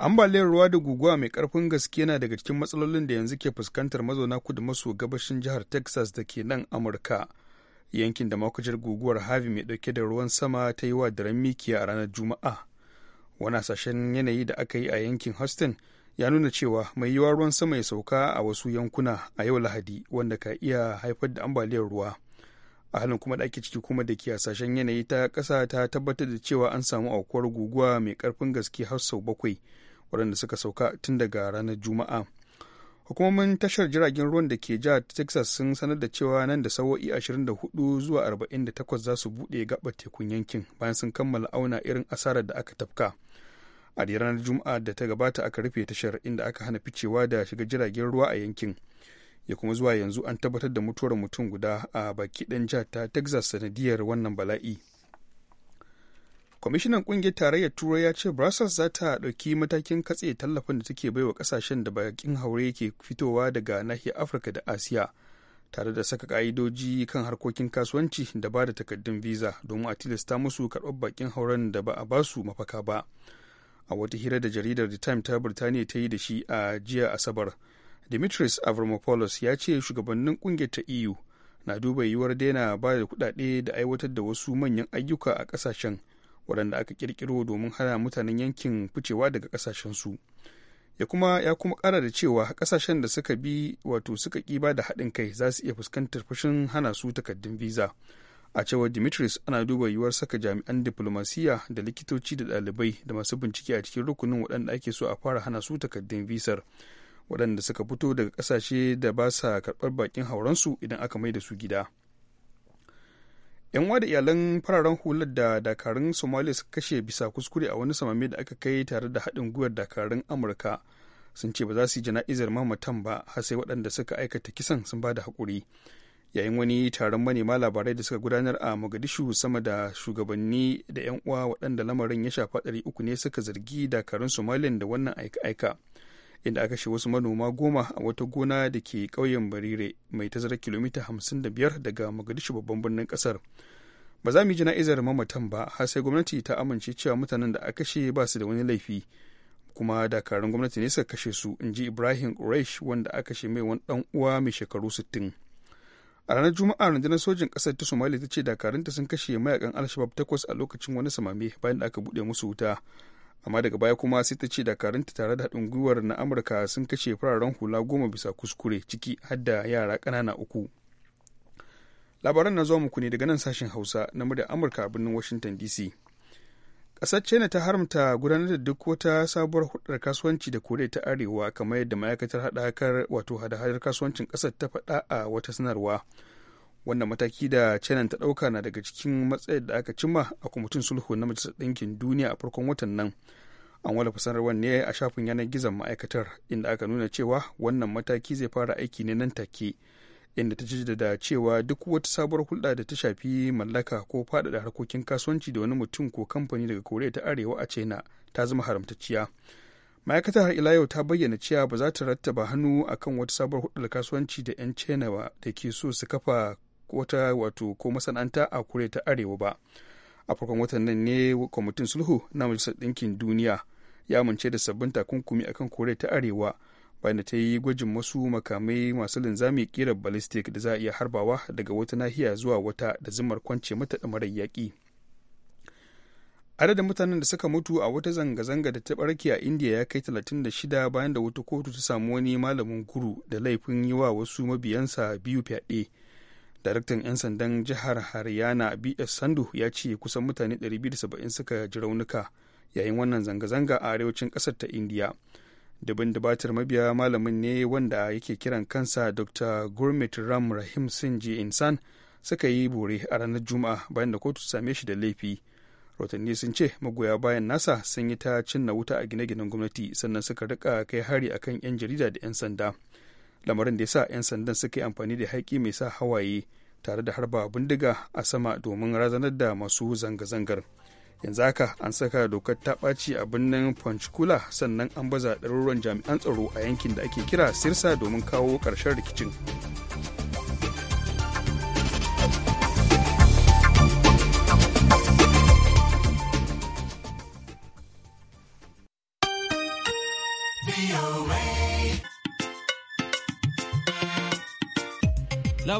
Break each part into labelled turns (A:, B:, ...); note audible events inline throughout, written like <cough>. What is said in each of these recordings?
A: ambaliyar ruwa da guguwa mai karfin gaske na daga cikin matsalolin da yanzu ke fuskantar mazauna kudu maso gabashin jihar texas da ke nan amurka yankin da makwajar guguwar harvey mai dauke da ruwan sama ta yi wa daren mikiya a ranar juma'a wani sashen yanayi da aka yi a yankin houston ya nuna cewa mai yiwuwa ruwan sama ya sauka a wasu yankuna a yau lahadi wanda ka iya haifar da ambaliyar ruwa a halin kuma da ake ciki kuma da ke hasashen yanayi ta kasa ta tabbatar da cewa an samu aukuwar guguwa mai karfin gaske har sau bakwai waɗanda suka sauka tun daga ranar juma'a hukumomin tashar jiragen ruwan da ke jihar texas sun sanar da cewa nan da sawo'i 24 zuwa 48 za su buɗe gaɓar tekun yankin bayan sun kammala auna irin asarar da aka tafka a ranar juma'a da ta gabata aka rufe tashar inda aka hana ficewa da shiga jiragen ruwa a yankin ya kuma zuwa yanzu an tabbatar da mutuwar mutum guda a baki ɗan jihar ta texas sanadiyar wannan bala'i kwamishinan kungiyar tarayyar turai ya ce brussels za ta ɗauki matakin katse tallafin da take baiwa kasashen da bakin haure ke fitowa daga nahiyar afirka da asiya tare da saka ka'idoji kan harkokin kasuwanci da ba da takaddun visa domin a tilasta musu karɓar bakin hauren da ba a su mafaka ba a wata hira da jaridar the time ta birtaniya ta yi da shi a jiya asabar dimitris avramopoulos ya ce shugabannin kungiyar ta eu na duba yiwuwar daina ba da kudade da aiwatar da wasu manyan ayyuka a kasashen waɗanda aka ƙirƙiro domin hana mutanen yankin ficewa daga ƙasashensu ya kuma ya kuma ƙara da cewa ƙasashen da suka bi wato suka ba da haɗin kai za su iya fuskantar fushin hana su takardun visa a cewar dimitris ana duba yiwuwar saka jami'an diplomasiya da likitoci da ɗalibai da masu bincike a cikin rukunin waɗanda ake so a fara hana su takardun visar waɗanda suka fito daga ƙasashe da ba sa karɓar baƙin hauransu idan aka mai da su gida. 'yan da iyalan fararen hular da dakarun somali suka kashe bisa kuskure a wani samami da aka kai tare da haɗin gwiwar dakarun amurka sun ce ba za su yi jana'izar mamatan ba har sai waɗanda suka aikata kisan sun ba da haƙuri yayin wani taron manema labarai da suka gudanar a mogadishu sama da shugabanni da 'yan uwa waɗanda lamarin ya shafa ɗari uku ne suka zargi dakarun somalin da wannan aika-aika inda aka shi wasu manoma goma a wata gona da ke ƙauyen barire mai tazarar kilomita 55 daga mogadishu babban birnin kasar. ba za mu yi jana'izar mamatan ba har sai gwamnati ta amince cewa mutanen da aka kashe ba su da wani laifi kuma dakarun gwamnati ne suka kashe su in ji ibrahim quraish wanda aka shi mai wani dan uwa mai shekaru 60 a ranar juma'a rundunar sojin kasar ta somalia ta ce dakarunta sun kashe mayakan alshabab takwas a lokacin wani samame bayan da aka buɗe musu wuta amma daga baya kuma sai ta ce dakarunta tare da haɗin gwiwar na amurka sun kashe fararen hula goma bisa kuskure ciki har da yara ƙanana uku labaran na zuwa muku ne daga nan sashen hausa na murya amurka a birnin washington dc ƙasar china ta haramta gudanar da duk wata sabuwar hudar kasuwanci da koriya ta arewa kamar yadda ma'aikatar haɗakar wato hada-hadar kasuwancin ƙasar ta faɗa a wata sanarwa wannan mataki da china ta dauka na daga cikin matsayar da aka cimma a kwamitin sulhu na majalisar ɗinkin duniya a farkon watan nan an wallafa sanarwar ne a shafin yanar gizon ma'aikatar inda aka nuna cewa wannan mataki zai fara aiki ne nan take inda ta da cewa duk wata sabuwar hulɗa da ta shafi mallaka ko faɗaɗa harkokin kasuwanci da wani mutum ko kamfani daga koriya ta arewa a china ta zama haramtacciya ma'aikatar har ila yau ta bayyana cewa ba za ta rattaba hannu akan wata sabuwar hulɗar kasuwanci da 'yan china ba da ke so su kafa wata wato ko masana'anta a kure ta arewa ba a farkon watan nan ne kwamitin sulhu na majalisar ɗinkin duniya ya amince da sabbin takunkumi akan kore ta arewa bayan da ta yi gwajin wasu makamai masu linzami kira ballistic da za a iya harbawa daga wata nahiya zuwa wata da zimmar kwance mata ɗamarar yaƙi adadin mutanen da suka mutu a wata zanga-zanga da ta barke a india ya kai 36 bayan da wata kotu ta samu wani malamin guru da laifin yi wa wasu mabiyansa biyu fyaɗe daraktan 'yan sandan jihar haryana bs sandu ya ce kusan mutane 270 suka ji raunuka yayin wannan zanga-zanga a arewacin kasar ta indiya dabin dabatar mabiya malamin ne wanda yake kiran kansa dr gurmit ram rahim sinji insan suka yi bore a ranar juma'a bayan da kotu same shi da laifi rotanni sun ce magoya bayan nasa sun yi ta cinna wuta a gine-ginen gwamnati sannan suka rika kai hari akan 'yan jarida da 'yan sanda lamarin da ya sa 'yan sandan suka yi amfani da haƙi mai sa hawaye tare da harba bindiga a sama domin razanar da masu zanga-zangar yanzu haka an saka dokar ta ɓaci a birnin punchkula sannan an baza ɗaruruwan jami'an tsaro a yankin da ake kira sirsa domin kawo ƙarshen rikicin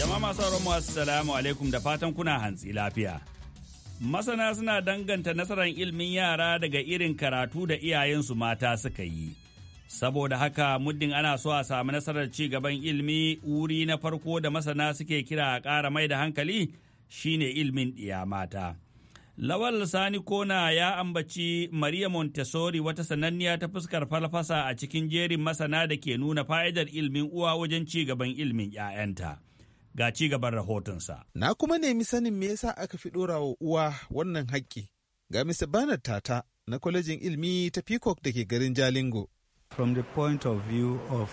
B: Jama'a masu sauran mu assalamu alaikum da fatan kuna hantsi lafiya. Masana suna danganta nasarar ilmin yara daga irin karatu da iyayensu mata suka yi. Saboda haka muddin ana so a samu nasarar ci gaban ilimi wuri na farko da masana suke kira a ƙara mai da hankali shine ilimin ɗiya mata. Lawal Sani Kona ya ambaci Maria Montessori wata sananniya ta fuskar falfasa a cikin jerin masana da ke nuna fa'idar ilmin uwa wajen ci gaban ilmin ‘ya'yanta. ga ci gaban rahotonsa.
C: Na kuma nemi sanin me yasa aka fi wa uwa wannan haƙƙi ga Mr. Bernard Tata na kwalejin ilmi ta Peacock da ke garin Jalingo. From the point of view of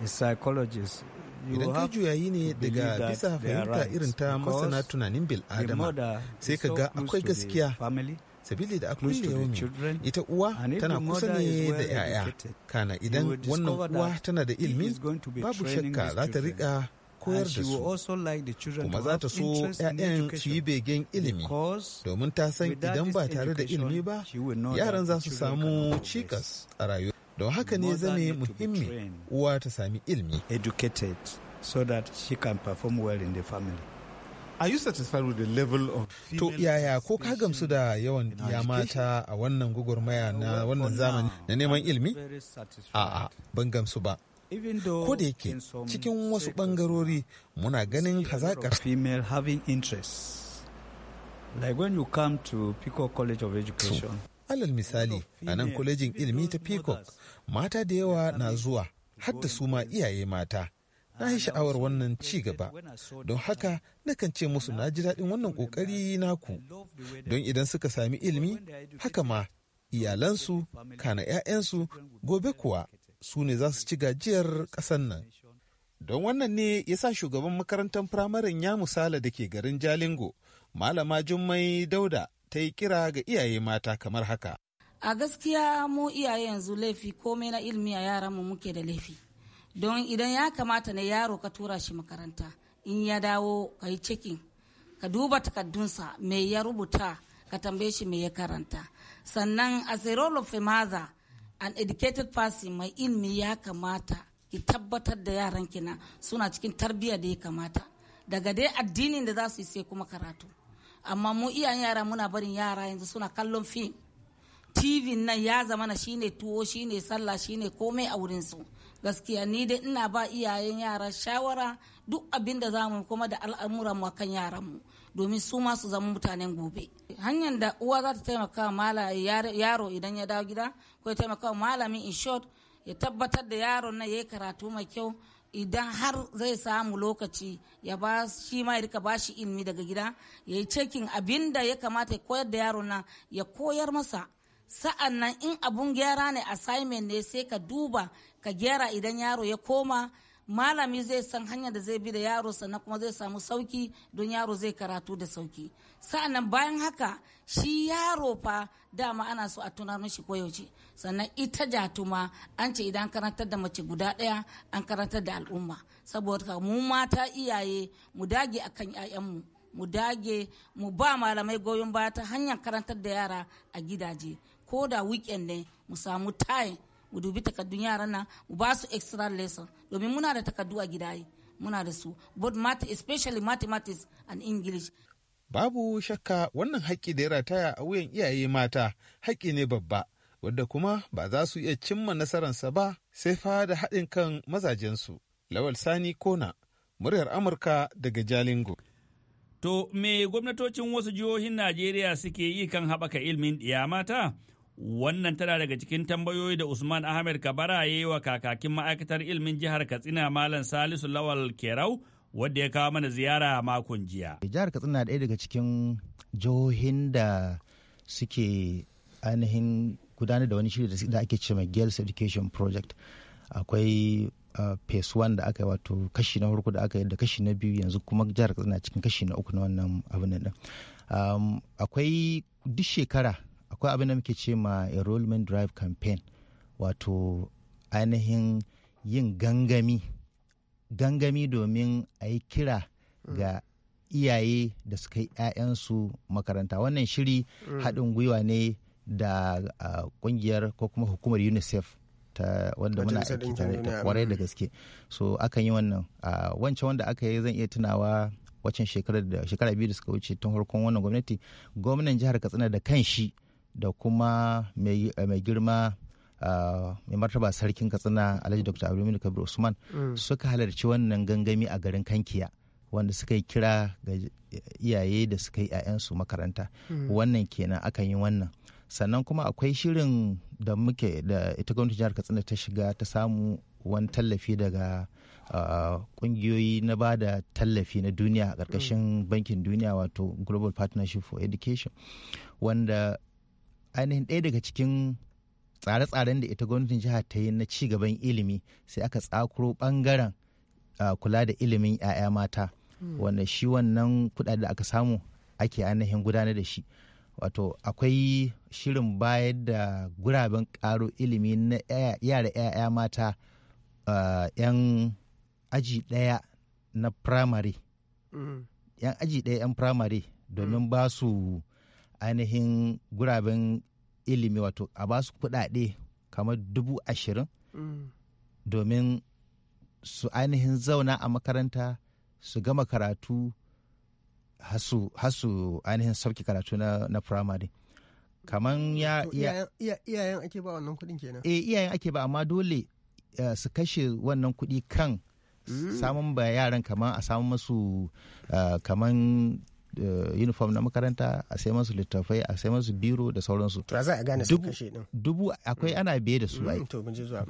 C: the psychologist, Idan ka juyayi ne daga bisa fahimta irin ta masana tunanin adama. sai ka ga akwai gaskiya sabili da akwai yawan ita uwa tana kusa ne da 'ya'ya kana idan wannan uwa tana da ilmi babu shakka za ta rika koyar da su kuma za ta so 'ya'yan su yi begen ilimi domin ta san idan ba tare da ilimi ba yaran za su samu cikas a rayuwa don haka ne zane muhimmi uwa ta sami ilimi educated so that she can perform well in the family Are you satisfied with the level of To yaya ko ka gamsu da yawan ya mata a wannan gugurmaya na wannan zamani na neman ilimi? A'a, ban gamsu ba. ko da yake cikin wasu bangarori muna ganin hazaƙar female having like when you to Pico College of Education alal misali a nan kwalejin ilimi ta peacock mata da yawa na zuwa da su ma iyaye mata na yi sha'awar wannan ci gaba don haka nakan ce musu na ji daɗin wannan ƙoƙari naku don idan suka sami ilimi haka ma iyalansu kana 'ya'yansu gobe kuwa su ne za su ci gajiyar ƙasar nan. Don wannan ne ya sa shugaban makarantar firamaren ya misala da ke garin Jalingo, Malama Jummai Dauda ta yi kira ga iyaye mata kamar haka.
D: A gaskiya mu iyaye yanzu laifi komai na ilimi a yaran mu muke da laifi. Don idan ya kamata na yaro ka tura shi makaranta, in ya dawo ka yi cikin, ka duba takardunsa mai ya rubuta, ka tambaye shi mai ya karanta. Sannan a an educated person mai ilimi ya kamata ki tabbatar da yaran kina suna cikin tarbiyya da ya kamata daga dai addinin da za su yi sai kuma karatu amma mu iyayen yara muna barin yara yanzu suna kallon fim tv nan ya zama na shine tuwo shine sallah shine komai a wurin su gaskiya ni dai ina ba iyayen yara shawara duk abin da zamu kuma da al'amuran mu kan yaran mu domin su ma su zama mutanen gobe hanyar da uwa za ta taimaka yaro idan ya dawo gida ko ya taimaka malamin in short ya tabbatar da yaron na ya yi karatu mai kyau idan har zai samu lokaci ya ba shi ma ya ba bashi ilimi daga gida ya yi cekin abin da ya kamata ya koyar da yaron na ya koyar masa sa'an nan in abun gyara ne assignment ne sai ka duba ka gyara idan yaro ya koma malami zai san hanyar da zai bi da yaro sannan kuma zai samu sauki don yaro zai karatu da sauki sa'annan bayan haka shi yaro fa dama ana so a tunar mishi koyaushe sannan ita jatuma an ce idan karantar da mace guda ɗaya an karantar da al'umma saboda mu mata iyaye mu dage akan 'ya'yanmu mu dage mu ba malamai goyon baya ta hanyar karantar da yara a gidaje ko da weekend ne mu samu time mu dubi takaddun yaran nan mu ba su extra lesson domin muna da takaddu a gida muna da su both math especially mathematics and english
C: babu shakka wannan haƙƙi da ya rataya a wuyan iyaye mata haƙƙi ne babba wadda kuma ba za su iya cimma nasararsa ba sai fa da haɗin kan mazajensu lawal sani kona muryar amurka daga jalingo
B: to me gwamnatocin wasu jihohin najeriya suke yi kan haɓaka ilimin ɗiya mata Wannan tana daga cikin tambayoyi da Usman Ahmed Kabara ya yi wa kakakin ma'aikatar ilimin jihar Katsina Malam Salisu Lawal Kerau wadda ya kawo mana ziyara makon jiya.
E: Jihar Katsina ɗaya daga cikin jihohin da suke ainihin gudanar da wani shiri da ake cewa Girls Education Project. Akwai uh, phase one da aka yi wato kashi na farko da aka yi da kashi na biyu yanzu kuma jihar katsina cikin kashi na uku na wannan abin nan um, akwai duk shekara akwai abin da muke ce ma enrollment drive campaign wato ainihin yin gangami gangami domin a yi kira ga iyaye da suka yi 'ya'yansu makaranta wannan shiri mm. haɗin gwiwa ne da kungiyar ko kuma hukumar unicef ta wanda muna aiki tare da kwarai da gaske so akan yi wannan wancan wanda aka yi zan iya tunawa waccan shekara biyu da suka wuce tun farkon wannan gwamnati gwamnan jihar katsina da kan shi da kuma mai eh, girma ah, mai martaba sarkin katsina alhaji dr abdulmini kabir usman mm. suka halarci wannan gangami a garin kankiya wanda suka yi kira ga iyaye da suka yi 'ya'yansu makaranta mm. wannan kenan akan yi wannan sannan kuma akwai shirin da muke da ita gwamnatin jihar katsina ta shiga ta samu wani tallafi daga kungiyoyi ah, na ba da tallafi na duniya a ƙarƙashin mm. bankin duniya wato global partnership for education wanda ainihin ɗaya daga cikin tsare-tsaren da ita gwamnatin jihar ta yi na ci gaban ilimi sai aka tsakuro ɓangaren ah, kula da ilimin 'ya'ya mata hmm. wanda shi wannan kuɗaɗe da aka samu ake ainihin gudanar da shi wato akwai shirin bayar da guraben ƙaro ilimi na yara 'ya'ya mata ah, 'yan aji ɗaya na firamare hmm. 'yan aji ɗaya 'yan firamare domin hmm. ba su ainihin guraben ilimi wato a ba su kuɗaɗe kamar dubu ashirin domin su ainihin zauna a makaranta su gama karatu hasu, hasu ainihin sauki karatu na, na firamare kamar ya
F: iyayen ake ba wannan kuɗin kenan eh iyayen
E: ake ba amma dole eh, su kashe wannan kuɗi kan mm. samun ba yaran kamar a samun masu eh, kamar Eh, uniform na makaranta a sai masu littafai a sai masu biro da sauransu to za a gane su kashe din dubu akwai mm. ana biye da su mm, ai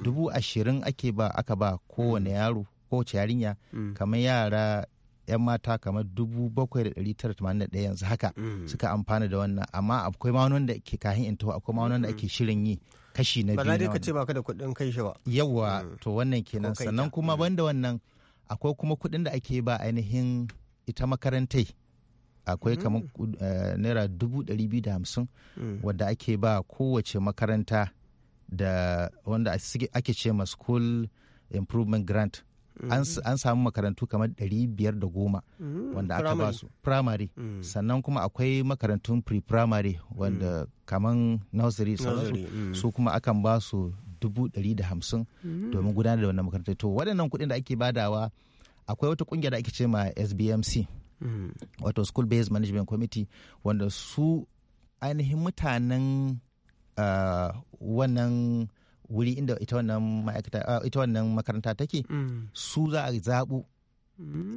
E: dubu ashirin ake ba aka ba kowane mm. yaro ko yarinya kamar yara 'yan mata kamar dubu 7,981 yanzu haka suka amfana da wannan amma akwai ma wanda ke kahin in akwai ma wanda ake shirin yi kashi na biyu na ka
F: ce baka da kuɗin kai shi ba
E: yawa to wannan kenan sannan kuma banda wannan akwai kuma kuɗin da ake ba ainihin ita makarantai akwai kamar mm. eh, naira dubu ɗari biyu da hamsin mm. wadda ake ba kowace makaranta da wanda ake ce ma school improvement grant mm. an samu makarantu kamar ɗari biyar da goma wanda aka ba su primary sannan kuma akwai makarantun pre-primary wanda kamar nursery su kuma akan ba su dubu ɗari da hamsin domin gudanar da wannan makarantar to waɗannan kuɗin da ake badawa akwai wata ƙungiya da ake ce ma sbmc wato school based management committee wanda su ainihin mutanen ah, wannan wuri inda ah, ita wannan makaranta take su za a zaɓu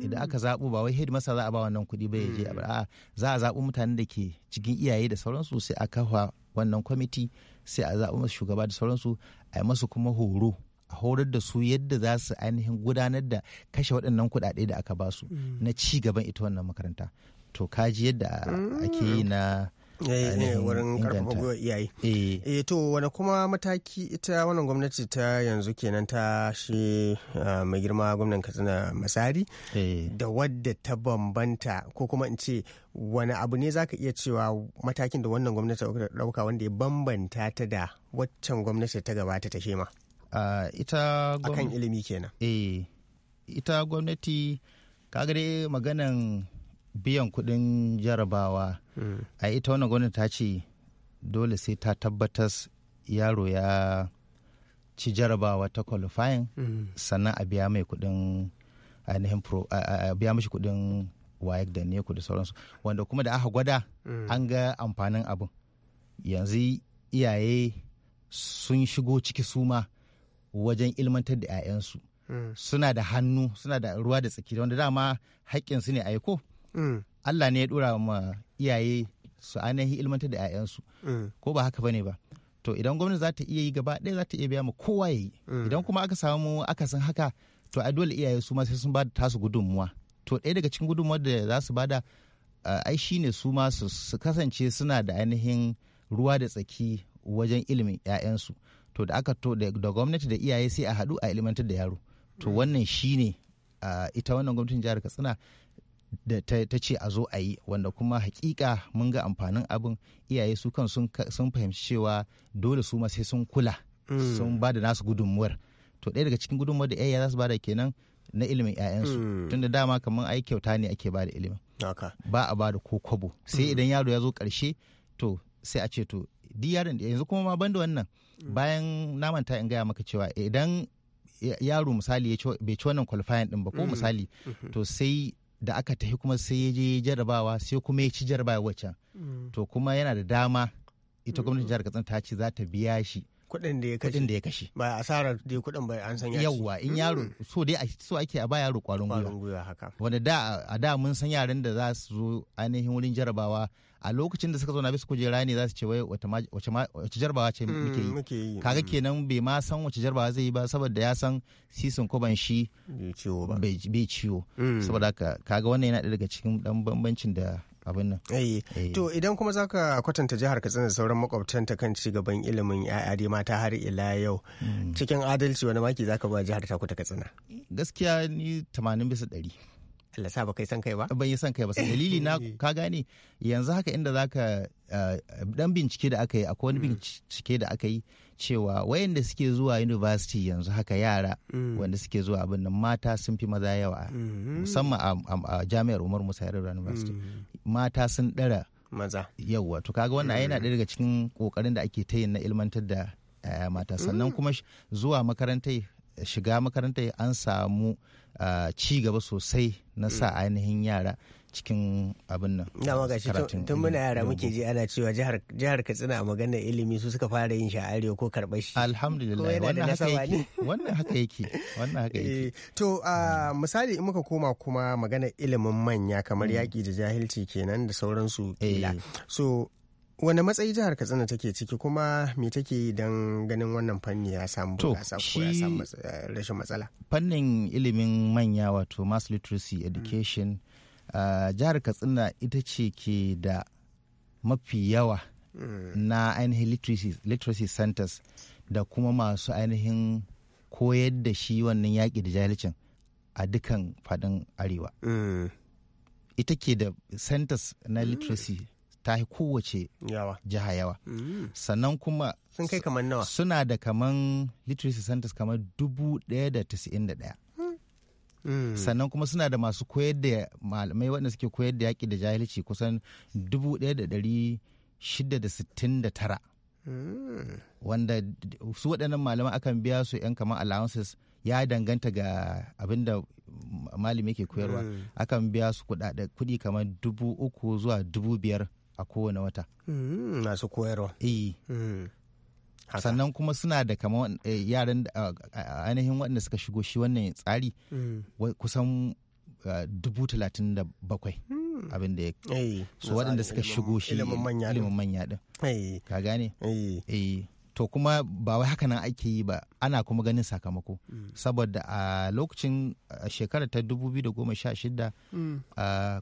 E: idan aka zaɓu ba wai masa za a ba wannan kuɗi ba ya je a za a zaɓu mutanen da ke cikin iyaye da sauransu sai a kafa wannan kwamiti sai a zaɓi masu shugaba da sauransu a yi masu kuma horo horar da su yadda za su ainihin gudanar da kashe waɗannan kuɗaɗe da aka ba su mm. na ci gaban ita wannan makaranta to kaji yadda mm. ake yi na eh, eh, wurin karfafa iyaye eh,
F: eh to wani kuma mataki ita wannan gwamnati ta yanzu kenan ta shi ah, mai girma gwamnan katsina masari da wadda ta bambanta ko kuma in ce wani abu ne zaka iya cewa matakin da wannan gwamnati ta dauka wanda ya bambanta ta da waccan gwamnati ta gabata ta shema
E: ita akan ilimi kenan eh ita gwamnati kaga dai maganan biyan kudin jarabawa hmm. a ita wannan gwamnati ta ce dole sai ta tabbatas yaro ya ci jarabawa ta qualifying hmm. sannan a biya mai kudin ainihin pro a, biya mashi kudin wayek da neku da sauransu wanda kuma da aka gwada hmm. an ga amfanin abin yanzu iyaye sun shigo ciki suma wajen ilmantar da 'ya'yansu hmm. suna da hannu suna da ruwa da tsaki wanda dama haƙƙinsu ne aiko hmm. Allah ne ya ɗora ma iyaye su ainihin ilmantar da 'ya'yansu hmm. ko ba haka bane ba to idan gwamnati za ta iya yi gaba ɗaya za ta iya biya ma kowa ya yi idan kuma aka samu akasin haka to a dole iyaye su ma sai sun ba da tasu gudunmuwa to ɗaya daga cikin gudunmuwar da za su bada ai ne su ma su kasance suna da ainihin ruwa da tsaki wajen ilimin 'ya'yansu to da aka to da gwamnati da iyaye sai a haɗu a ilimantar da yaro to mm. wannan shi ne ita wannan gwamnatin jihar katsina da ta ce a zo a yi wanda kuma hakika mun ga amfanin abin iyaye su kan sun fahimci cewa dole su ma sai sun kula mm. sun ba da nasu gudunmuwar to ɗaya daga cikin gudunmuwar da iyaye za su ba da kenan na ilimin 'ya'yansu mm. tun da dama kamar ai kyauta ne ake ba da ilimin ba a ba da ko kwabo sai idan yaro ya zo ƙarshe to sai a ce to duk yaron yanzu kuma ma banda wannan Mm. bayan namanta in gaya maka cewa idan yaro misali bai ci wannan qualifying din ba ko mm. misali mm-hmm. to sai da aka tafi kuma sai ya je jarabawa sai kuma ya ci jarabawa waccan mm. to kuma yana da dama ita gwamnatin jihar katsina ta ce za ta biya shi kuɗin da ya kashe kuɗin da ya kashe ba asarar da
F: kuɗin ba an san yawwa in yaro mm.
E: so dai so ake a ba yaro kwarin gwiwa haka wanda da a da mun san yaran da za su zo ainihin wurin jarabawa a lokacin da suka zo na bisu kujera ne za su ce wai wace jarabawa ce mm, muke yi kaga mm. kenan bai ma san wace jarabawa zai yi ba saboda ya san sisin kuban shi bai ciwo saboda kaga wannan yana daga cikin dan bambancin da abin nan eh, eh. to
F: idan kuma za ka kwatanta jihar katsina da sauran ta kan ci gaban ilimin ya'ya dai mata har ila yau hmm. cikin adalci
E: wani maki ka ba jihar ta kuta katsina gaskiya ni 80 bisa 100 Allah sa baka san kai ba Ban yi san kai ba sai <laughs> dalili na ka gane yanzu haka inda zaka dan eh, bincike da aka yi akwai wani mm. bincike da aka yi cewa wayanda suke zuwa university yanzu haka yara
F: mm.
G: wanda
E: suke zuwa abin nan mata sun fi maza yawa mm-hmm. musamman a jami'ar Umar Musa Yarima University mm. mata sun dara maza yauwa to kaga wannan yana ɗaya daga cikin kokarin da ake ta yin na ilmantar da eh, mata sannan kuma zuwa makarantai shiga makarantar an samu ci gaba sosai na sa mm. ainihin yara cikin abin nan. Na maka shi tun muna yara muke ji ana cewa jihar
F: Katsina a maganar ilimi su suka fara yin shi a arewa ko karɓar shi. Alhamdulillah <laughs> wannan haka yake. Wannan haka yake. Wannan haka yake. To mm. misali in muka koma kuma maganar ilimin manya kamar mm. yaƙi da jahilci kenan da sauransu eh. So wani matsayi jihar katsina take ciki kuma me take yi don ganin wannan fanni ya samu ko ya samu
E: eh, rashin matsala fannin ilimin manya wato mass literacy education mm. ah, jihar katsina ita ce ke da mafi yawa mm. na ainihin literacy, centers da kuma masu ainihin koyar da shi wannan yaƙi da jahilcin a dukan faɗin arewa mm. ita ke da centers na literacy ta kowace jiha yawa mm. sannan kuma sun kai kamar nawa suna da kaman literacy centers kamar dubu daya da tasa'in da daya. Mm. sannan kuma suna da masu koyar da malamai waɗanda suke koyar da yaƙi da jahilci kusan dubu daya da dari shida da sittin da tara mm. wanda su waɗannan malaman akan biya su 'yan kamar allowances ya danganta ga abin da malami ke koyarwa akan biya su kuɗi kamar dubu uku zuwa dubu biyar a kowane wata mm, masu koyarwa eh sannan kuma suna da kama eh, yaran ainihin waɗanda suka shigo shi wannan tsari mm. kusan dubu talatin da bakwai abin da ya so waɗanda suka shigo shi ilimin manya ɗin. ka gane to kuma ba wai haka nan ake yi ba ana kuma ganin sakamako saboda a lokacin shekarar ta 2016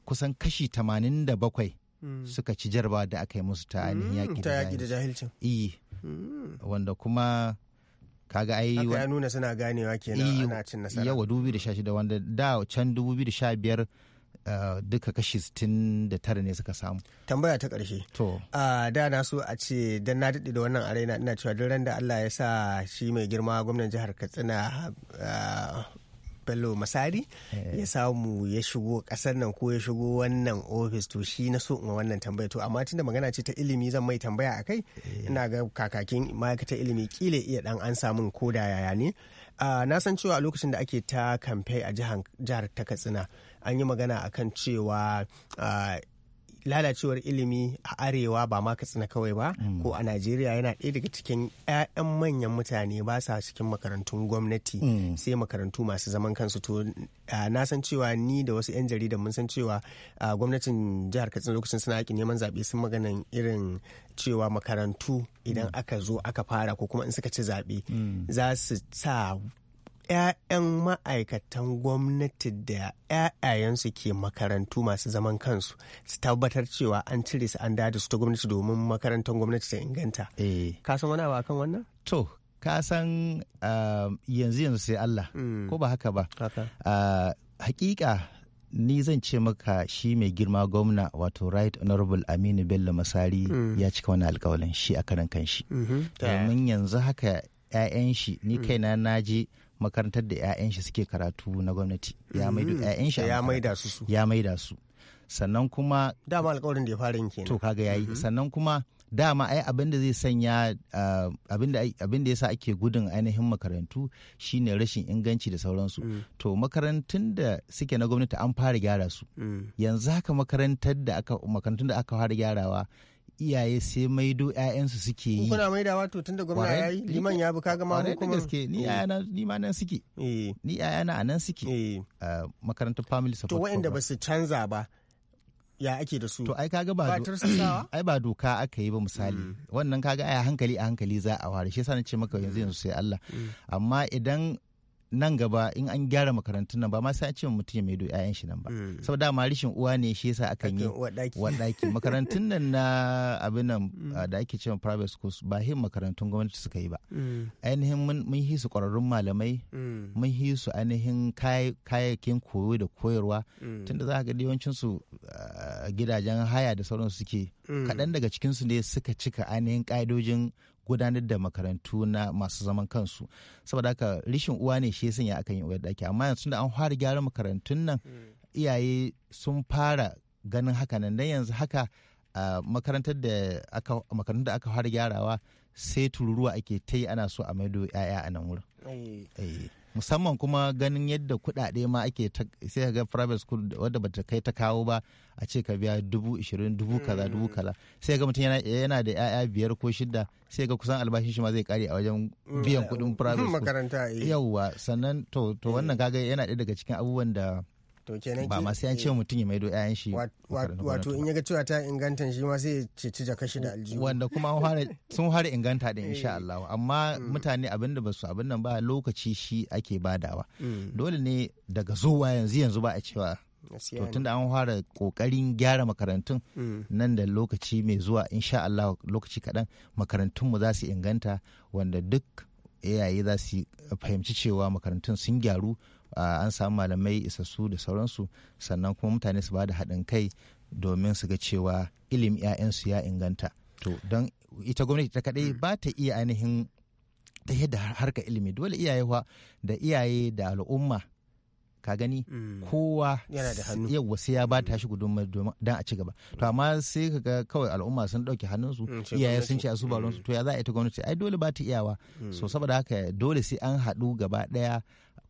E: kusan kashi 87 Mm. suka ci jarba da aka yi musu ta ainihin mm, yaƙi da jahilcin e, mm. wanda kuma kaga ai haka ya nuna suna ganewa kenan e, ana cin nasara yawa 2016 wanda da can 2015 biyar uh, duka kashi 69 ne suka samu. Tambaya ta ƙarshe. To.
F: da na so a ce dan na daɗe da wannan arena ina cewa duk ran da Allah ya sa shi mai girma gwamnan jihar Katsina uh, bello masari eh. ya samu ya shigo ƙasar nan ko ya shigo wannan ofis to shi na so in wannan tambaya to amma tunda magana ce ta ilimi zan mai tambaya a kai eh. ina ga kakakin ma'aikata ilimi kila iya dan an samun ko da yaya ne na san cewa a lokacin da ake ta kamfe a jihar ta katsina an yi magana akan cewa lalacewar ilimi a arewa ba ma katsina kawai ba mm. ko a najeriya yana ɗaya daga cikin 'ya'yan manyan mutane ba sa cikin makarantun gwamnati mm. sai makarantu masu zaman kansu to na san cewa ni da wasu 'yan jarida mun san cewa gwamnatin jihar katsina lokacin suna yakin neman zaɓe sun maganan irin cewa makarantu idan mm. aka zo aka fara ko kuma in suka ci zaɓe za su sa 'ya'yan ma'aikatan gwamnati da 'ya'yayensu ke makarantu masu zaman kansu su tabbatar cewa an cire su an dada su ta gwamnati domin makarantar
E: gwamnati ta inganta. Eh. Ka san wani abu kan wannan? To, ka san ah, yanzu yanzu sai Allah, hmm. ko ba haka ba. Ah, hakika ni zan ce maka shi mai girma gwamna wato right honorable aminu bello masari hmm. ya cika wani alkawalin shi a karan kanshi mhm. domin yanzu haka 'ya'yan shi ni hmm. kaina na je makarantar da 'ya'yan shi suke karatu na gwamnati ya mm-hmm. maida 'ya'yan shi ya maida su ya maida su sannan kuma dama alƙawarin da ya fara yin to kaga yayi mm-hmm. sannan kuma dama ai abin da zai sanya abin da yasa ake gudun ainihin makarantu shine rashin inganci da sauransu mm. to makarantun da suke na gwamnati an fara gyara su mm. yanzu haka makarantar da aka makarantun da aka fara gyarawa iyaye sai maido ƴaƴansu suke yi kuna
F: maidawa to tunda gwamna ya yi liman ya bi kaga ma kuma gaske ni eh. ƴaƴana
E: ni ma nan suke eh. ni ƴaƴana a nan suke eh. makarantar family support to waɗanda ba su canza ba ya ake da su to ai kaga ba <clears throat> ai ba doka aka yi ba misali mm. wannan kaga ai hankali a hankali za a ware shi yasa ce maka yanzu mm. yanzu sai Allah mm. amma idan nan gaba in an gyara makarantun nan ba ma sai an ce mutum ya maido 'ya'yan shi nan ba hmm. saboda ma rishin uwa ne shi yasa akan yi wadaki <laughs> makarantun nan na abin nan hmm. da ake cewa private schools ba hin makarantun gwamnati suka yi ba hmm. ainihin mun hi su kwararrun malamai mun hi su ainihin kayayyakin koyo da koyarwa tunda za ka ga yawancin su gidajen haya da sauransu suke kaɗan daga cikin su ne suka cika ainihin ƙa'idojin gudanar da makarantu na masu zaman kansu saboda haka rishin uwa ne shi ya sanya aka yi uwar daki amma yanzu da an fara gyara makarantun nan hmm. iyaye sun fara ganin haka nan dan yanzu haka makarantar da aka makarantun da aka fara gyarawa sai tururuwa ake ta ana so a maido 'ya'ya a nan wurin musamman kuma ganin yadda kuɗaɗe ma ake sai ga private school wadda bata kai ta kawo ba a ce ka biya dubu ishirin dubu kaza dubu mm. kaza sai ga mutum yana da ya'ya biyar ko shida sai ga kusan albashin shi ma zai kare a wajen biyan kuɗin mm, private <laughs> school eh. yawwa sannan to to mm. wannan kaga yana ɗaya daga cikin abubuwan da
F: to kenan ba ma sai an ce eh. mutum
E: ya maido ƴaƴan shi wato
F: in yaga cewa ta inganta shi ma sai ya ci jaka shi da aljihu wanda
E: kuma <laughs> sun fara inganta din insha eh. Allah amma mm. mutane abin da basu abin nan ba lokaci shi ake badawa mm. dole ne daga zuwa yanzu yanzu ba a cewa to tunda an fara kokarin gyara makarantun mm. nan da lokaci mai zuwa insha Allah lokaci kaɗan mu za su inganta wanda duk iyaye za su fahimci cewa makarantun sun gyaru an samu malamai isassu da sauransu sannan kuma mutane su ba da haɗin kai domin su ga cewa ilim 'ya'yansu ya inganta to don ita gwamnati ta kaɗai ba ta iya ainihin ta yadda harkar ilimi dole iyaye da iyaye da al'umma ka gani mm. kowa yana ya ba ta mm. shi don a ci gaba to amma sai ka ga kawai al'umma sun dauke hannunsu mm, iyaye sun ce a su balonsu to ya za a ita gwamnati ai dole ba ta iyawa so saboda haka dole sai an haɗu gaba ɗaya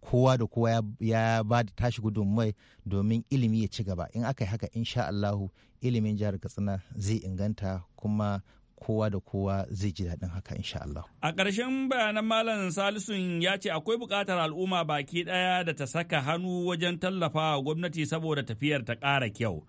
E: kowa da kowa ya ba da tashi mai domin ilimi ya ci gaba in aka yi haka insha Allahu ilimin jihar katsina zai inganta kuma kowa da kowa zai ji daɗin haka insha Allah.
B: A ƙarshen bayanan Malam Salisun ya ce akwai buƙatar al'umma baki ɗaya da ta saka hannu wajen tallafa wa gwamnati saboda tafiyar ta ƙara kyau.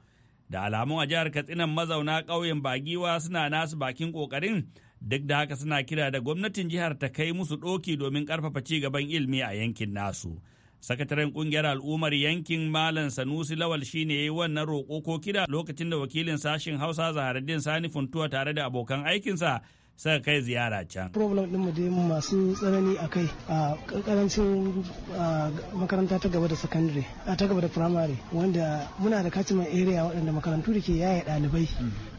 B: Da alamun a jihar Katsinan mazauna ƙauyen Bagiwa suna nasu bakin ƙoƙarin duk da haka suna kira da gwamnatin jihar ta kai musu ɗoki domin ƙarfafa ci gaban ilimi a yankin nasu. Sakataren kungiyar al'ummar yankin Malam Sanusi Lawal shine ya yi wannan roƙo ko kira lokacin da wakilin sashen Hausa Zaharaddin Sani Funtuwa tare da abokan aikinsa saka kai ziyara can.
G: Problem ɗin mu dai masu tsanani a kai a karancin makaranta ta gaba da secondary a ta gaba da primary wanda muna da catchment area waɗanda makarantu da ke yaya ɗalibai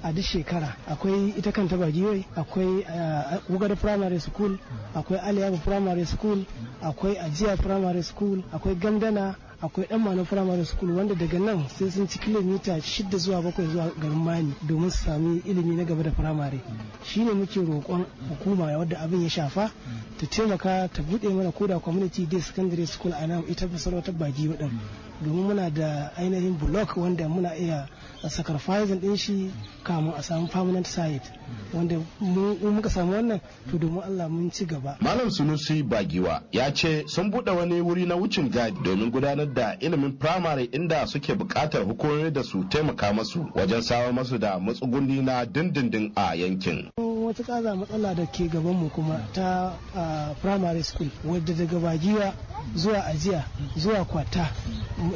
G: a duk shekara akwai ita kanta bagiyoi akwai da primary school akwai aliyabu primary school akwai ajiya primary school akwai gandana akwai dan malam firamare school wanda daga nan sai sun ci kilomita shida zuwa bakwai zuwa garin mani domin su sami ilimi na gaba da primary shine muke roƙon hukuma wadda abin ya shafa ta taimaka ta buɗe mana koda community day secondary school a nan ita masarautar bagi waɗanda domin muna da ainihin block wanda muna iya sacrificing din shi kamun a samu permanent site wanda muka samu wannan to domin Allah mun ci gaba.
H: Malam Sunusi Bagiwa ya ce sun buɗe wani wuri na wucin gadi domin gudanar da ilimin primary inda suke buƙatar hukumomi da su taimaka masu wajen samar masu da matsuguni na dindindin a yankin.
G: wata matsala da ke gabanmu kuma ta primary school wadda daga bagiwa zuwa ajiya zuwa kwata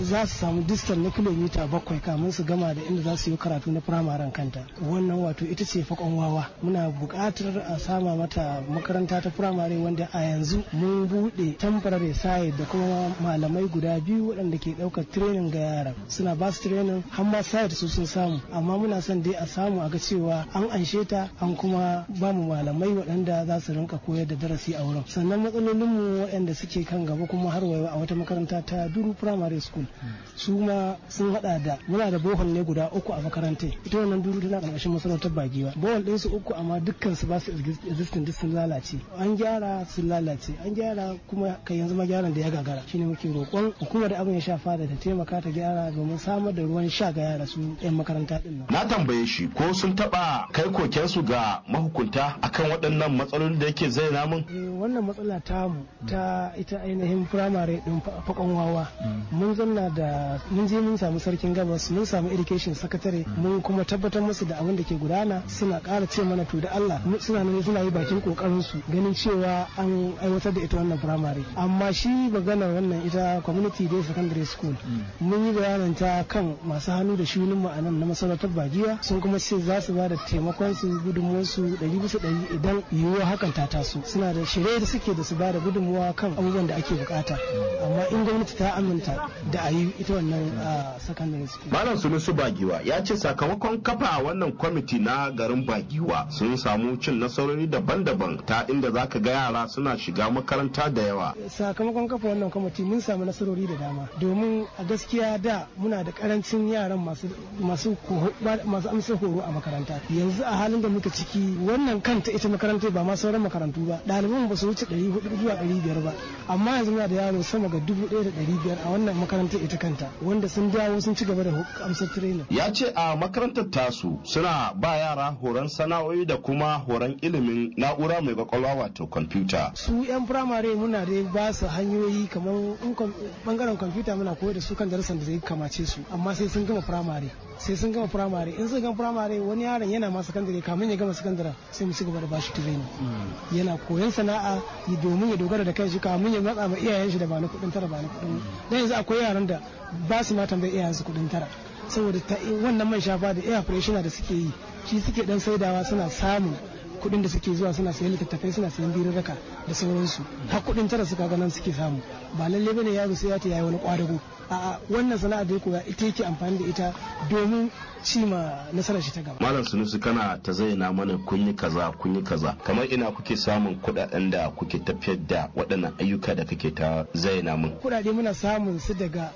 G: za su samu distan na kilomita bakwai kamun su gama da inda za su yi karatu na firamaren kanta wannan wato ita ce fakon wawa muna buƙatar a sama mata makaranta ta firamare wanda a yanzu mun buɗe temporary side da kuma malamai guda biyu waɗanda ke ɗaukar training ga yara suna ba su training har ma side su sun samu amma muna son dai a samu a ga cewa an anshe ta an kuma Bamu ba mu malamai waɗanda za su rinka koyar da darasi a wurin sannan matsalolin mu waɗanda suke kan gaba kuma har wayo a wata makaranta ta duru primary school su ma sun hada da muna da bohol ne guda uku a makarantar ita wannan duru tana ƙarƙashin masarautar bagiwa bohol ɗinsu uku amma dukkan su ba su existing sun lalace an gyara sun lalace an gyara kuma kai yanzu ma gyaran da ya gagara shine muke roƙon hukumar da abin ya shafa da ta taimaka ta gyara domin samar da ruwan sha ga yara su 'yan makaranta ɗin
H: na tambaye shi ko sun taɓa kai kokensu ga mahukumar hukunta akan waɗannan matsalolin da yake zai namun?
G: Eh, wannan matsala ta mu ta ita ainihin firamare ɗin fakon wawa mm. mun zanna da mun je mun samu sarkin gabas mun samu education sakatare mm. mun kuma tabbatar musu da abin da ke gudana suna ƙara ce mana to da Allah suna nan suna yi bakin kokarin su ganin cewa an aiwatar da ita wannan firamare amma shi maganar wannan ita community day secondary school mm. mun yi bayanan ta kan masu hannu da shunin ma'anan na masarautar bajiya sun kuma ce za su ba da taimakon su gudunmuwar su ɗari bisa ɗari idan yiwuwa hakan ta taso suna da shirye da suke da su ba da gudunmuwa kan abubuwan da ake bukata amma in gwamnati ta aminta da a yi ita wannan ah, secondary school. Malam
H: su Bagiwa ya ce sakamakon kafa wannan kwamiti na garin Bagiwa sun samu cin nasarori daban-daban ta inda za ka ga yara suna shiga makaranta da yawa.
G: Sakamakon kafa wannan kwamiti mun samu nasarori da dama domin a gaskiya da muna da karancin yaran masu masu amsa horo a makaranta yanzu a halin da muka ciki wannan kanta ita makarantar ba ma sauran makarantu ba ɗaliban ba su wuce 400 zuwa 500 ba amma yanzu muna da yaro sama ga 1500 a wannan makarantar ita kanta wanda sun dawo sun ci gaba da amsar trainer
H: ya ce a makarantar tasu suna ba yara horon sana'o'i da kuma horon ilimin na'ura mai kwakwalwa wato kwamfuta
G: su yan firamare muna da ba su hanyoyi kamar bangaren kwamfuta muna koyar da su kan darasan da zai kamace su amma sai sun gama firamare sai sun gama firamare in sun gama firamare wani yaron yana ma sakandare kamin ya gama sakandare sai mu gaba da bashi training hmm. yana koyon sana'a domin ya dogara da kanshi kamun ya matsa ma iyayen shi da ba na kudin tara ba na kudin hmm. dan yanzu akwai yaran da ba su ma tambayi iyayen su kudin tara saboda wannan man shafa da air pressure da suke yi shi suke dan saidawa suna samun kuɗin da suke zuwa suna sayan littattafai suna sayan birirraka da sauransu har kuɗin tara suka ganan suke samu ba lalle bane yaro sai ya ta yayi wani kwadago a wannan sana'ar da ya ita yake amfani da ita domin ci ma nasarar shi ta gaba
H: malam sunusu kana ta zayyana mana kun kaza kun kaza kamar ina kuke samun kudaden da kuke tafiyar da waɗannan ayyuka da kake ta zayyana mun
G: kudade muna samun su daga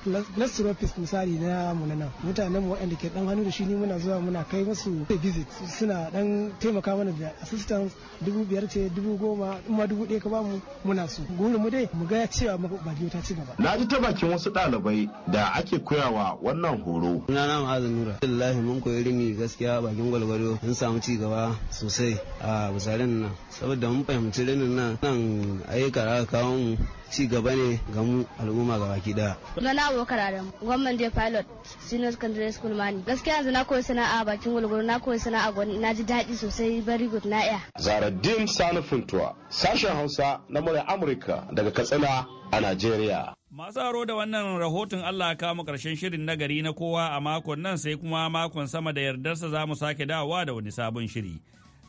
G: office misali na mu na nan mutanen mu waɗanda ke dan hannu da shi ne muna zuwa muna kai musu visit suna dan taimaka mana da distance dubu biyar ce dubu goma ma dubu ɗaya ka bamu muna su guri mu dai mu ga cewa Bagiyo ta ci gaba.
H: Na ji ta bakin wasu ɗalibai da ake koyawa wannan horo. na Ma'azin Nura. Alhamdulillah mun koyi rimi gaskiya bakin gwalgwado mun samu ci gaba sosai a misalin nan saboda mun fahimci rinin nan nan ayyuka aka kawo mu ci gaba ne ga mu al'umma ga baki daya. Suna na Adam, gwamnan Jai pilot, senior secondary school mani. Gaskiya yanzu na koyi sana'a bakin gwalgwaro, na koyi sana'a gwani, na ji daɗi sosai very good na iya. Dim Sani Funtuwa, sashen Hausa na murya Amurka daga Katsina a Najeriya.
B: Masu aro da wannan rahoton Allah ka mu karshen shirin nagari na kowa a makon nan sai kuma makon sama da yardarsa za mu sake dawowa da wani sabon shiri.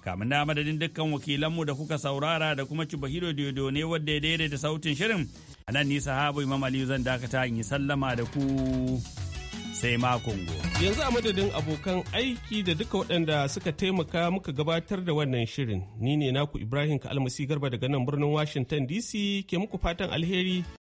B: kamun na madadin dukkan wakilanmu da kuka saurara da kuma Cibahiro Diodo ne wadda ya daidaita sautin shirin. A nan ni sahabu Imam Aliyu zan dakata in yi sallama da ku sai makon gobe.
I: Yanzu a madadin abokan aiki da duka waɗanda suka taimaka muka gabatar da wannan shirin. Ni ne naku Ibrahim ka almasi Garba daga nan birnin Washington DC ke muku fatan alheri